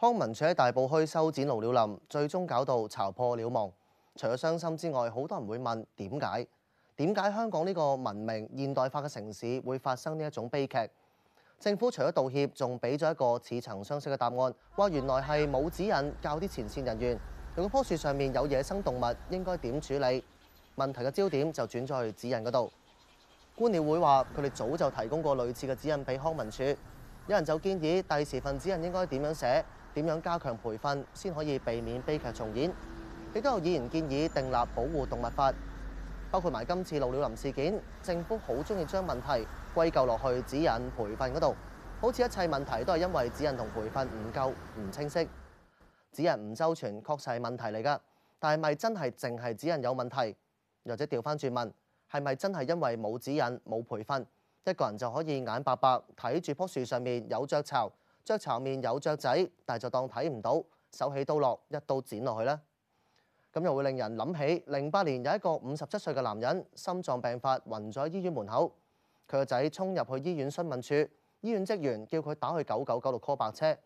康文署喺大埔墟修剪鷺鳥林，最終搞到巢破鳥亡。除咗傷心之外，好多人會問點解？點解香港呢個文明現代化嘅城市會發生呢一種悲劇？政府除咗道歉，仲俾咗一個似曾相識嘅答案，話原來係冇指引教啲前線人員，如果棵樹上面有野生動物，應該點處理？問題嘅焦點就轉咗去指引嗰度。觀鳥會話佢哋早就提供過類似嘅指引俾康文署。有人就建議第時份指引應該點樣寫？點樣加強培訓先可以避免悲劇重演？亦都有議員建議訂立保護動物法，包括埋今次鷺鳥林事件。政府好鍾意將問題歸咎落去指引培訓嗰度，好似一切問題都係因為指引同培訓唔夠唔清晰，指引唔周全，確實係問題嚟㗎。但係咪真係淨係指引有問題？又或者調返轉問，係咪真係因為冇指引冇培訓，一個人就可以眼白白睇住棵樹上面有雀巢？雀巢面有雀仔，但就當睇唔到，手起刀落一刀剪落去啦。咁又會令人諗起零八年有一個五十七歲嘅男人心臟病發，暈咗喺醫院門口。佢個仔衝入去醫院詢問處，醫院職員叫佢打去九九九六 call 白車。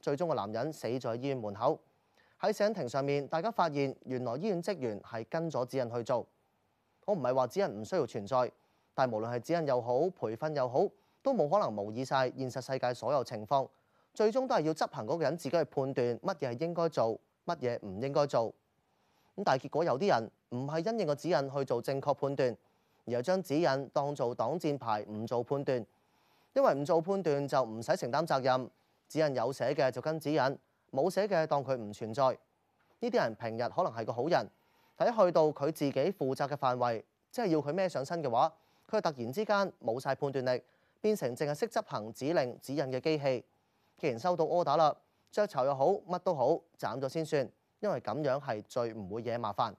最終個男人死在醫院門口。喺死因庭上面，大家發現原來醫院職員係跟咗指引去做。我唔係話指引唔需要存在，但係無論係指引又好，培訓又好，都冇可能模擬晒現實世界所有情況。最終都係要執行嗰個人自己去判斷乜嘢係應該做，乜嘢唔應該做。咁但係結果有啲人唔係因應個指引去做正確判斷，而係將指引當做擋箭牌，唔做判斷。因為唔做判斷就唔使承擔責任。指引有寫嘅就跟指引，冇寫嘅當佢唔存在。呢啲人平日可能係個好人，但一去到佢自己負責嘅範圍，即係要佢孭上身嘅話，佢係突然之間冇晒判斷力，變成淨係識執行指令指引嘅機器。既然收到柯打啦，雀巢又好，乜都好，斬咗先算，因為咁樣，係最唔會惹麻煩。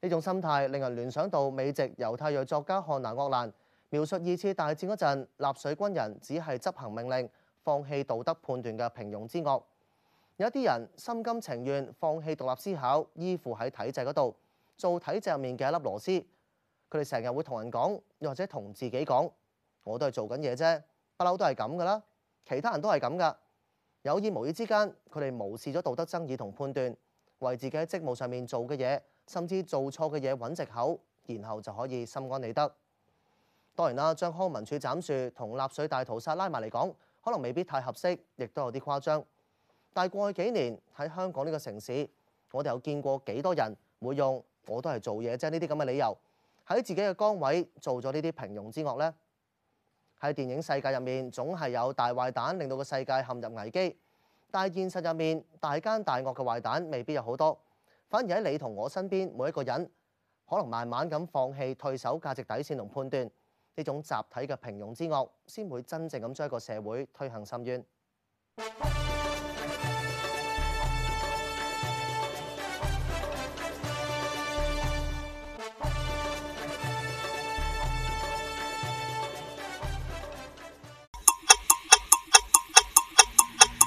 呢種心態令人聯想到美籍猶太裔作家漢娜·鄂蘭描述二次大戰嗰陣納粹軍人只係執行命令，放棄道德判斷嘅平庸之惡，有一啲人心甘情願放棄獨立思考，依附喺體制嗰度做體制入面嘅一粒螺絲。佢哋成日會同人講，又或者同自己講，我都係做緊嘢啫，不嬲都係咁噶啦。其他人都係咁噶，有意無意之間，佢哋無視咗道德爭議同判斷，為自己喺職務上面做嘅嘢，甚至做錯嘅嘢揾藉口，然後就可以心安理得。當然啦，將康文署斬樹同納粹大屠殺拉埋嚟講，可能未必太合適，亦都有啲誇張。但係過去幾年喺香港呢個城市，我哋有見過幾多人會用我都係做嘢啫呢啲咁嘅理由，喺自己嘅崗位做咗呢啲平庸之惡呢？喺電影世界入面，總係有大壞蛋令到個世界陷入危機，但係現實入面，大奸大惡嘅壞蛋未必有好多，反而喺你同我身邊每一個人可能慢慢咁放棄退守價值底線同判斷，呢種集體嘅平庸之惡，先會真正咁將一個社會推向深淵。